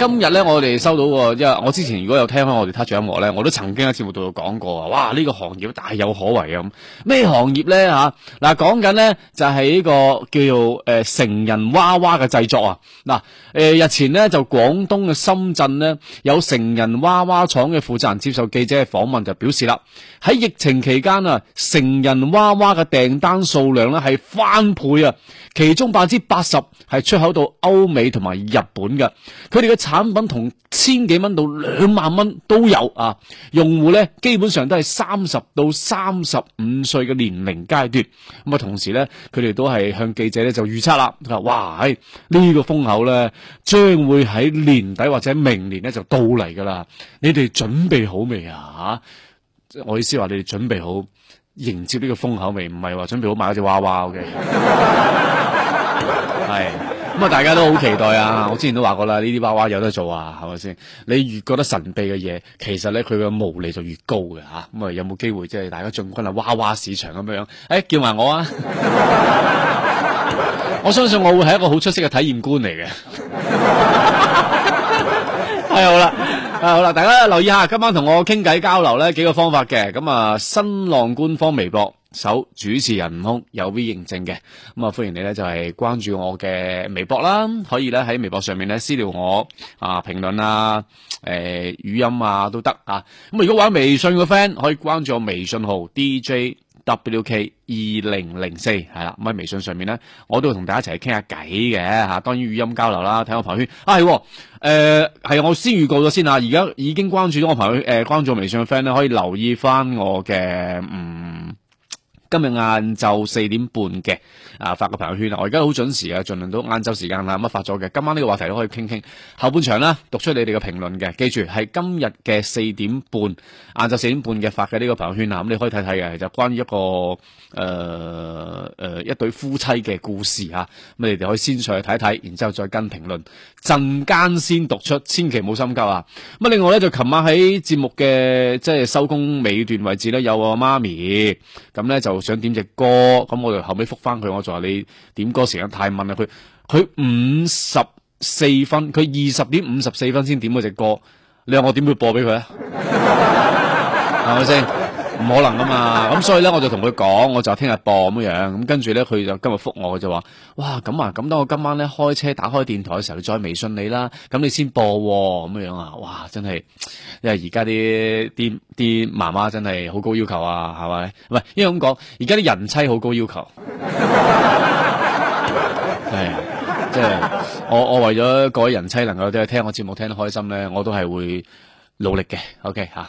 今日咧，我哋收到個，因為我之前如果有聽翻我哋 touch 音樂咧，我都曾經喺節目度講過啊！哇，呢、這個行業大有可為啊！咩行業咧？吓、就、嗱、是這個，講緊咧就係呢個叫做誒、呃、成人娃娃嘅製作啊！嗱、呃，誒日前咧就廣東嘅深圳咧有成人娃娃廠嘅負責人接受記者嘅訪問就表示啦，喺疫情期間啊，成人娃娃嘅訂單數量咧係翻倍啊，其中百分之八十係出口到歐美同埋日本嘅，佢哋嘅。產品同千幾蚊到兩萬蚊都有啊，用戶咧基本上都係三十到三十五歲嘅年齡階段，咁、嗯、啊同時咧，佢哋都係向記者咧就預測啦，話哇呢、哎呢個風口咧將會喺年底或者明年咧就到嚟噶啦，你哋準備好未啊吓？我意思話你哋準備好迎接呢個風口未？唔係話準備好買隻娃娃嘅，係、okay。 咁啊！大家都好期待啊！我之前都話過啦，呢啲娃娃有得做啊，係咪先？你越覺得神秘嘅嘢，其實咧佢嘅毛利就越高嘅吓。咁啊，有冇機會即係大家進軍啊娃娃市場咁樣樣？誒、哎，叫埋我啊！ 我相信我會係一個好出色嘅體驗官嚟嘅。係 好啦，啊好啦，大家留意下，今晚同我傾偈交流咧幾個方法嘅。咁啊，新浪官方微博。手主持人悟空有 V 認證嘅咁啊，歡迎你咧就係、是、關注我嘅微博啦，可以咧喺微博上面咧私聊我啊、評論啊，誒、啊、呃、語音啊都得啊。咁如果玩微信嘅 friend 可以關注我微信號 D J W K 二零零四係啦。咁喺、嗯、微信上面咧，我都同大家一齊傾下偈嘅吓，當然語音交流啦，睇我朋友圈啊，係，誒，係我先預告咗先啊。而家已經關注咗我朋友圈誒、呃，關注微信嘅 friend 咧可以留意翻我嘅嗯。今日晏晝四點半嘅啊，發個朋友圈啊，我而家好準時啊，盡量到晏晝時間啦，乜發咗嘅，今晚呢個話題都可以傾傾，後半場啦，讀出你哋嘅評論嘅，記住係今日嘅四點半，晏晝四點半嘅發嘅呢個朋友圈啊，咁你可以睇睇嘅，就關於一個誒誒、呃呃、一對夫妻嘅故事吓，咁你哋可以先上去睇睇，然之後再跟評論，陣間先讀出，千祈唔好心急啊，咁另外咧就琴晚喺節目嘅即係收工尾段位置咧，有我媽咪，咁咧就。想點隻歌，咁我就後尾復翻佢，我就話你點歌時間太慢啦，佢佢五十四分，佢二十點五十四分先點嗰隻歌，你話我點會播俾佢啊？係咪先？唔可能啊嘛，咁所以咧我就同佢講，我就聽日播咁樣，咁跟住咧佢就今日復我就話，哇咁啊咁，當我今晚咧開車打開電台嘅時候，再微信你啦，咁你先播咁樣樣啊，哇真係，因為而家啲啲啲媽媽真係好高要求啊，係咪？唔係，因為咁講，而家啲人妻好高要求，係， 即係我我為咗各位人妻能夠都係聽我節目聽得開心咧，我都係會努力嘅，OK 吓。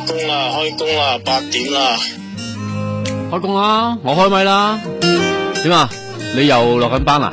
開工啦！開工啦！八點啦！開工啦、啊！我開咪啦！點、嗯、啊？你又落緊班啦、啊？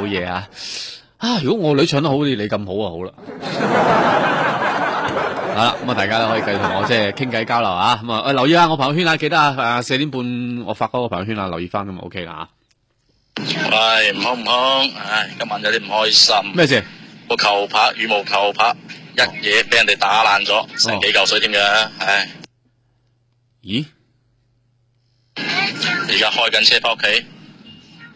好嘢啊！啊，如果我女唱得好，啲，似你咁好啊，好啦。好啦，咁啊，大家都可以繼續同我即係傾偈交流啊。咁啊，啊，留意下我朋友圈啦、啊、記得啊，四點半我發嗰個朋友圈啦、啊、留意翻咁、OK、啊，OK 噶吓。喂、哎，唔好唔好，唉、哎，今晚有啲唔開心。咩事？個球拍，羽毛球拍，啊、一嘢俾人哋打爛咗，啊、成幾嚿水添嘅？唉、啊，啊、咦？而家開緊車翻屋企，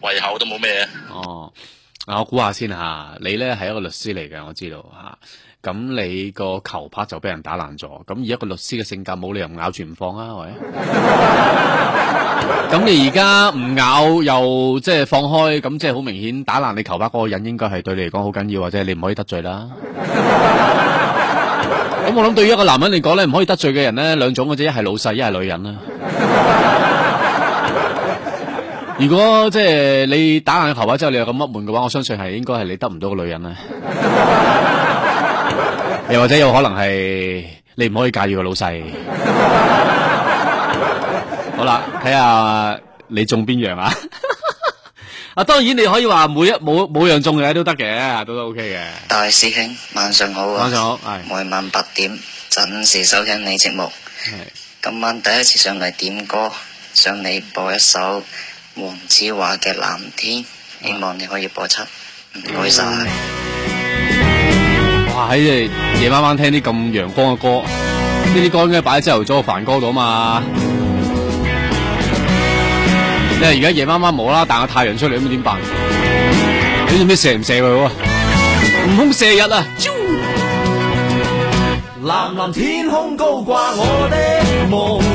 胃口都冇咩哦。啊我估下先吓，你咧係一個律師嚟嘅，我知道吓。咁你個球拍就俾人打爛咗，咁而一個律師嘅性格冇理由咬住唔放啊，係咪？咁 你而家唔咬又即係放開，咁即係好明顯打爛你球拍嗰個人應該係對你嚟講好緊要，或者你唔可以得罪啦。咁 我諗對於一個男人嚟講咧，唔可以得罪嘅人咧，兩種或者一係老細，一係女人啦。如果即係你打爛個頭盔之後，你又咁乜悶嘅話，我相信係應該係你得唔到個女人啦，又或者有可能係你唔可以駕馭個老細。好啦，睇下你中邊樣啊？啊，當然你可以話每一冇冇樣中嘅都得嘅，都都 OK 嘅。大師兄，晚上好啊！晚上好，係每晚八點準時收聽你節目。今晚第一次上嚟點歌，想你播一首，黃子華嘅藍天，希望你可以播出，唔該晒。謝謝哇，喺夜夜晚晚聽啲咁陽光嘅歌，呢啲歌應該擺喺朝頭早嘅飯歌度啊嘛。因為而家夜晚晚冇啦，但係個太陽出嚟，咁點辦？你做咩射唔射佢？悟空射日啊！藍藍天空高掛我的夢。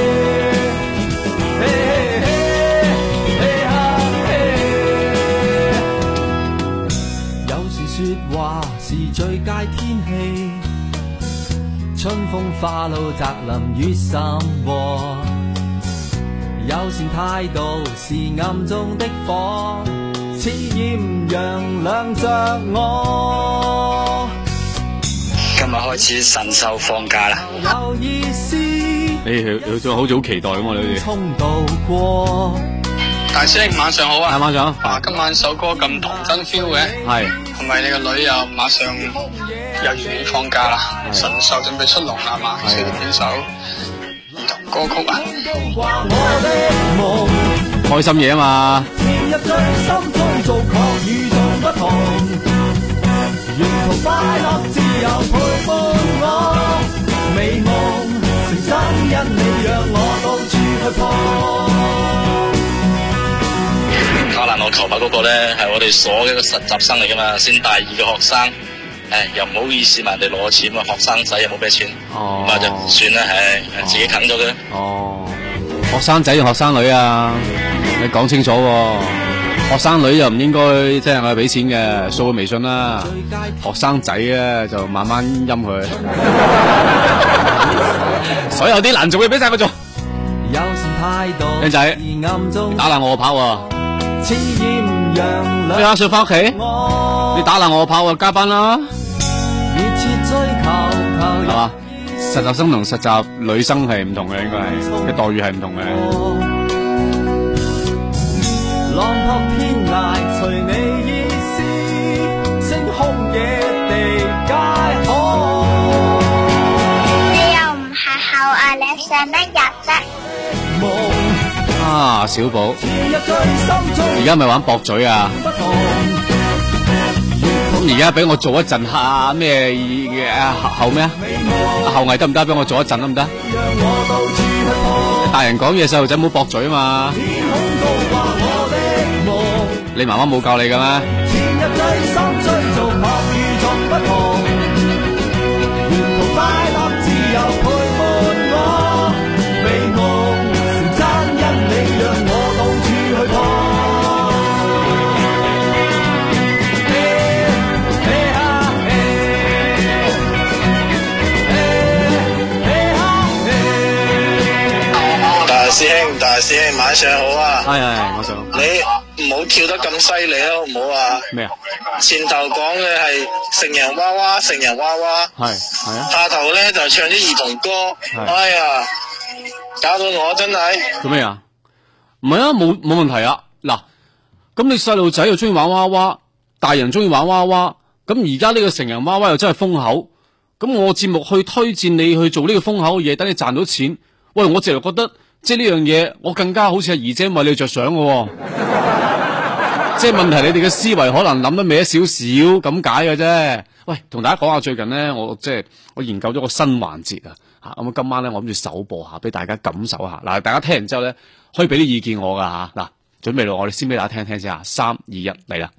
風化林深友善態度是暗中的火，似艷陽亮亮著我。今日開始神獸放假啦！有意思，你好似好期待咁喎，你哋。大師，晚上好啊！晚上好。啊，今晚首歌咁童真 feel 嘅，係同埋你個女又馬上。幼兒園放假啦，神獸準備出籠啦嘛，唱你邊首兒童歌曲啊？開心嘢啊嘛。快樂自由陪伴我，美夢成真，因你讓我到處去放。打爛我球拍嗰個咧係我哋所一個實習生嚟噶嘛，先大二嘅學生。又唔好意思問你攞錢啊，學生仔又冇咩錢，咪就算啦，係自己啃咗嘅。哦，學生仔要學生女啊，你講清楚、啊。學生女又唔應該即係我俾錢嘅，掃個微信啦、啊。學生仔啊，就慢慢陰佢。 所有啲難做嘅俾晒佢做。靚仔，你打爛我,我跑啊！你打算翻屋企？你打爛我跑啊！加班啦、啊！係嘛？實習生同實習女生係唔同嘅，應該係嘅待遇係唔同嘅。你又唔係后啊？你上得日啫？啊，小寶，而家咪玩駁嘴啊！而家俾我做一陣下咩嘅后后咩啊后羿得唔得？俾我做一陣得唔得？大人講嘢，細路仔唔好駁嘴啊嘛！你媽媽冇教你㗎咩？晚上好啊！係係、哎，你唔好跳得咁犀利好唔好啊？咩啊？前頭講嘅係成人娃娃，成人娃娃係係啊。下頭咧就唱啲兒童歌。啊、哎呀，搞到我真係。做咩啊？唔係啊，冇冇問題啊！嗱，咁你細路仔又中意玩娃娃，大人中意玩娃娃，咁而家呢個成人娃娃又真係風口，咁我節目去推薦你去做呢個風口嘅嘢，等你賺到錢。喂，我淨係覺得。即係呢樣嘢，我更加好似阿姨姐為你着想嘅、哦， 即係問題你哋嘅思維可能諗得歪一少少咁解嘅啫。喂，同大家講下最近咧，我即係我研究咗個新環節啊，吓咁啊，今晚咧我諗住首播下俾大家感受下。嗱，大家聽完之後咧，可以俾啲意見我噶吓。嗱、啊，準備咯，我哋先俾大家聽一聽先啊，三二一，嚟啦！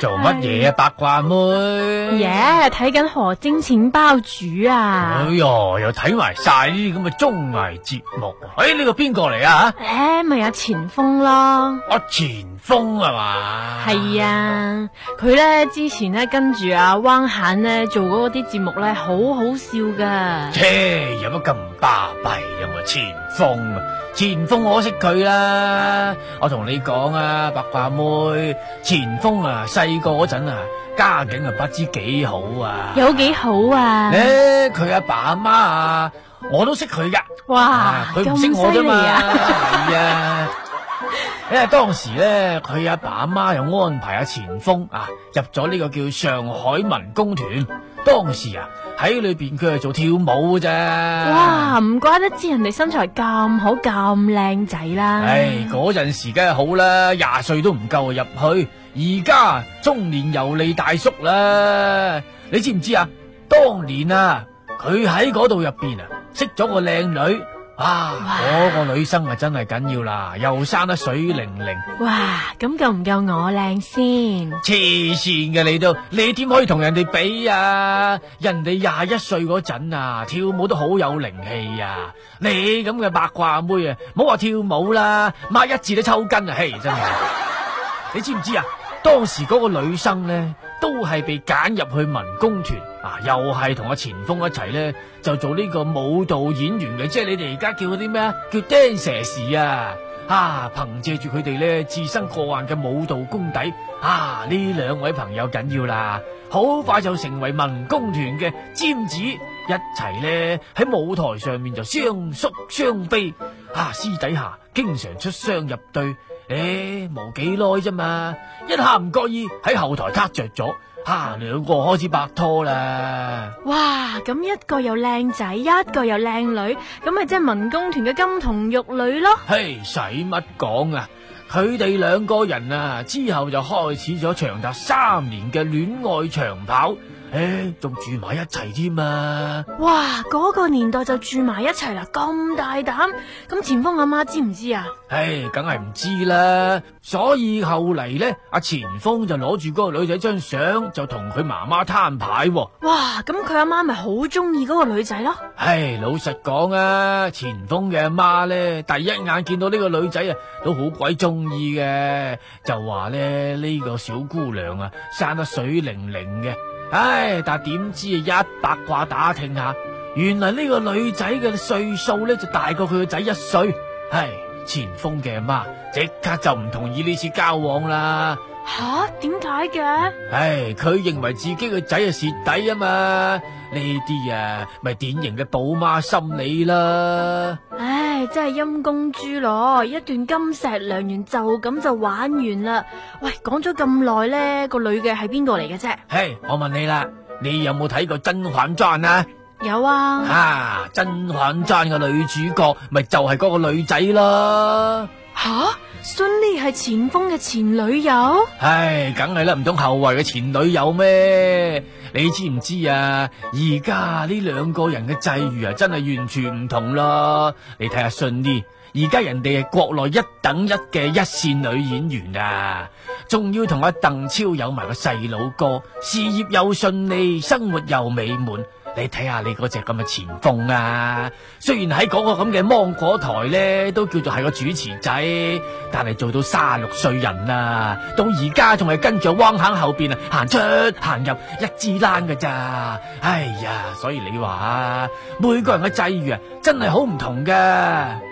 做乜嘢啊，八卦妹？耶，睇緊何晶錢包主啊！哎喲，又睇埋晒呢啲咁嘅綜藝節目。哎，呢個邊個嚟啊？誒、哎，咪阿前鋒咯。阿前鋒啊嘛？係啊，佢咧、啊、之前咧跟住阿汪涵咧做嗰啲節目咧，好好笑噶。切，yeah, 有乜咁？巴閉，有冇前鋒啊？前鋒我識佢啦，我同你講啊，白話妹，前鋒啊，細個嗰陣啊，家境啊不知幾好啊，有幾好啊？誒，佢阿爸阿媽啊，我都識佢噶，哇，佢唔識我啫嘛？係啊，因為、啊啊 啊、當時咧，佢阿爸阿媽又安排阿前鋒啊入咗呢個叫上海文工團。當時啊喺裏邊佢係做跳舞嘅啫，哇唔怪得知，人哋身材咁好咁靚仔啦。唉，嗰陣、哎、時梗係好啦，廿歲都唔夠入去，而家、啊、中年油膩大叔啦，你知唔知啊？當年啊，佢喺嗰度入邊啊，識咗個靚女。啊！嗰哇個女生啊，真係緊要啦，又生得水靈靈。哇！咁夠唔夠我靚先？癡線嘅你都，你點可以同人哋比啊？人哋廿一歲嗰陣啊，跳舞都好有靈氣啊！你咁嘅八卦妹啊，唔好話跳舞啦，擘一字都抽筋啊！嘿，真係，你知唔知啊？當時嗰個女生呢，都係被揀入去文工團啊，又係同阿前鋒一齊呢，就做呢個舞蹈演員嘅，即係你哋而家叫嗰啲咩啊，叫 dancer 啊，啊，憑借住佢哋呢，自身過硬嘅舞蹈功底，啊，呢兩位朋友緊要啦，好快就成為文工團嘅尖子，一齊呢，喺舞台上面就雙宿雙飛，啊，私底下經常出雙入對。誒，冇幾耐啫嘛，一下唔覺意喺後台撻着咗，吓、啊、兩個開始拍拖啦。哇，咁一個又靚仔，一個又靚女，咁咪即係文工團嘅金童玉女咯。嘿，使乜講啊？佢哋兩個人啊，之後就開始咗長達三年嘅戀愛長跑。哎，仲住埋一齊添啊！哇，嗰個年代就住埋一齊啦，咁大膽？咁前鋒阿媽知唔知啊？唉，梗係唔知啦。所以後嚟咧，阿前鋒就攞住嗰個女仔張相，就同佢媽媽攤牌。哇，咁佢阿媽咪好中意嗰個女仔咯？唉，老實講啊，前鋒嘅阿媽咧，第一眼見到呢個女仔啊，都好鬼中意嘅，就話咧，呢個小姑娘啊，生得水靈靈嘅。唉，但點知啊？一八卦打聽下，原來呢個女仔嘅歲數咧就大過佢個仔一歲。唉，前鋒嘅媽即刻就唔同意呢次交往啦。吓？啊？點解嘅？唉，佢認為自己個仔啊蝕底啊嘛。呢啲啊，咪、就是、典型嘅寶媽心理啦！唉，真係陰公豬咯，一段金石良緣就咁就玩完啦！喂，講咗咁耐咧，個女嘅係邊個嚟嘅啫？嘿，hey, 我問你啦，你有冇睇過《甄嬛傳》啊？有啊！哈、啊，《甄嬛傳》嘅女主角咪就係、是、嗰個女仔囉。係前鋒嘅前女友，唉，梗係啦，唔通後衛嘅前女友咩？你知唔知啊？而家呢兩個人嘅際遇啊，真係完全唔同啦！你睇下孫儷，而家人哋係國內一等一嘅一線女演員啊，仲要同阿鄧超有埋個細佬哥，事業又順利，生活又美滿。你睇下你嗰隻咁嘅錢楓啊，雖然喺嗰個咁嘅芒果台咧，都叫做係個主持仔，但係做到卅六歲人啊，到而家仲係跟住汪涵後邊啊，行出行入一支籃㗎咋，哎呀，所以你話，每個人嘅際遇啊。真係好唔同㗎。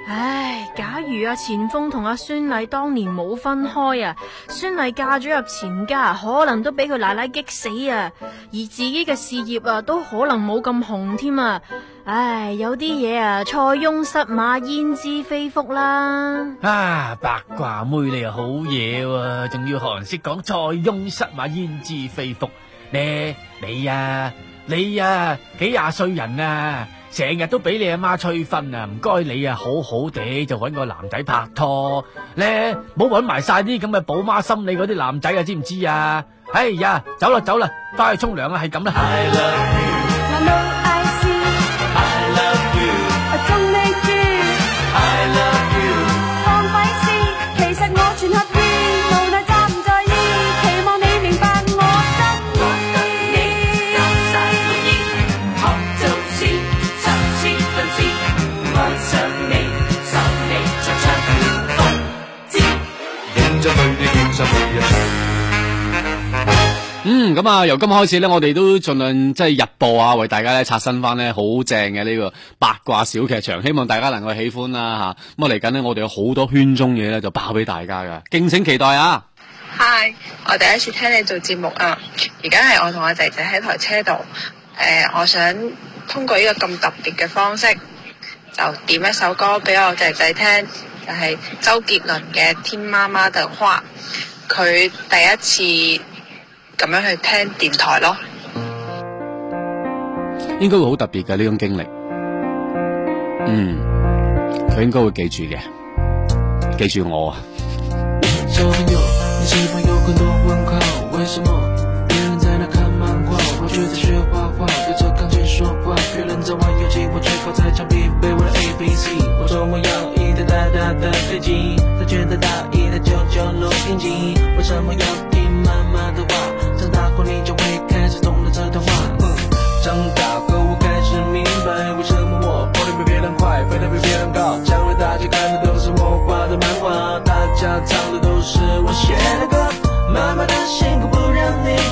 唉，假如阿錢鋒同阿孫儷當年冇分開啊，孫儷嫁咗入錢家，可能都俾佢奶奶激死啊，而自己嘅事業啊，都可能冇咁紅添啊。唉，有啲嘢啊，塞翁失馬之，焉知非福啦。啊，八卦妹你又好嘢喎，啊，仲要學識講塞翁失馬，焉知非福。你你啊，你啊，幾廿歲人啊！成日都俾你阿媽催婚啊！唔該你啊，好好地就揾個男仔拍拖咧，唔好揾埋晒啲咁嘅寶媽心理嗰啲男仔啊，知唔知啊？哎呀，走啦走啦，翻去沖涼啊，係咁啦。love 咁啊，由今開始咧，我哋都盡量即係日播啊，為大家咧刷新翻咧，好正嘅呢個八卦小劇場，希望大家能夠喜歡啦吓。咁啊，嚟、啊、緊、啊啊、呢，我哋有好多圈中嘢咧，就爆俾大家噶，敬請期待啊！Hi，我第一次聽你做節目啊，而家係我同我仔仔喺台車度。誒、呃，我想通過呢個咁特別嘅方式，就點一首歌俾我仔仔聽，就係、是、周杰倫嘅《天媽媽的話》。佢第一次。咁樣去聽電台咯，應該會好特別嘅呢種經歷，嗯，佢應該會記住嘅，記住我啊.。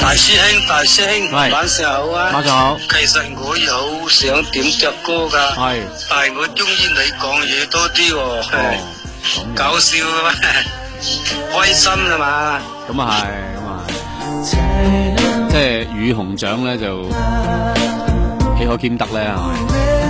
大師兄，大師兄，晚上好啊！晚上好。其實我也好想點隻歌噶，係是，但係我中意你講嘢多啲喎。哦，搞笑啊 嘛，開心啊嘛。咁啊係，咁啊係。 即係魚與熊掌咧，就豈可兼得咧啊！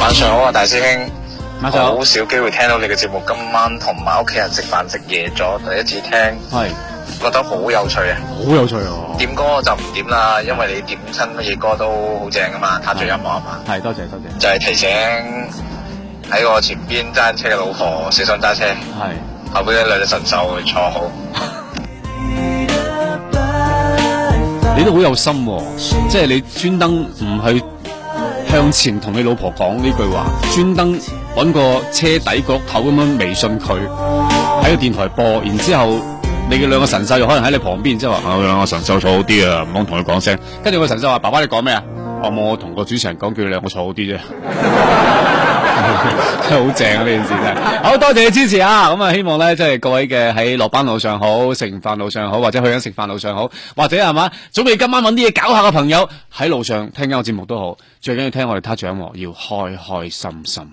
晚上好啊，大師兄，我好少機會聽到你嘅節目，今晚同埋屋企人食飯食夜咗，第一次聽，係是，覺得好有，有趣啊，好有趣啊。點歌就唔點啦，因為你點親乜嘢歌都好正噶嘛，踏住音樂啊嘛。係是嗎，多謝，多謝。就係提醒喺我前邊揸車嘅老婆，小心揸車。係是。後邊嘅兩隻神手，會坐好。 你都好有心、哦，即係你專登唔去向前同你老婆講呢句話，專登揾個車底角頭咁樣微信佢，喺個電台播，然之後你嘅兩個神獸又可能喺你旁邊，即係話啊，兩個神獸坐好啲啊，唔好同佢講聲。跟住個神獸話：爸爸你講咩啊？我、哦、冇，我同個主持人講叫你兩個坐好啲啫。 真係好正啊！呢 件事真係好多謝你支持啊！咁、嗯、啊，希望咧，即係各位嘅喺落班路上好，食飯路上好，或者去緊食飯路上好，或者係嘛，準備今晚搵啲嘢搞下嘅朋友喺路上聽緊我節目都好，最緊要聽我哋他獎，要開開心心。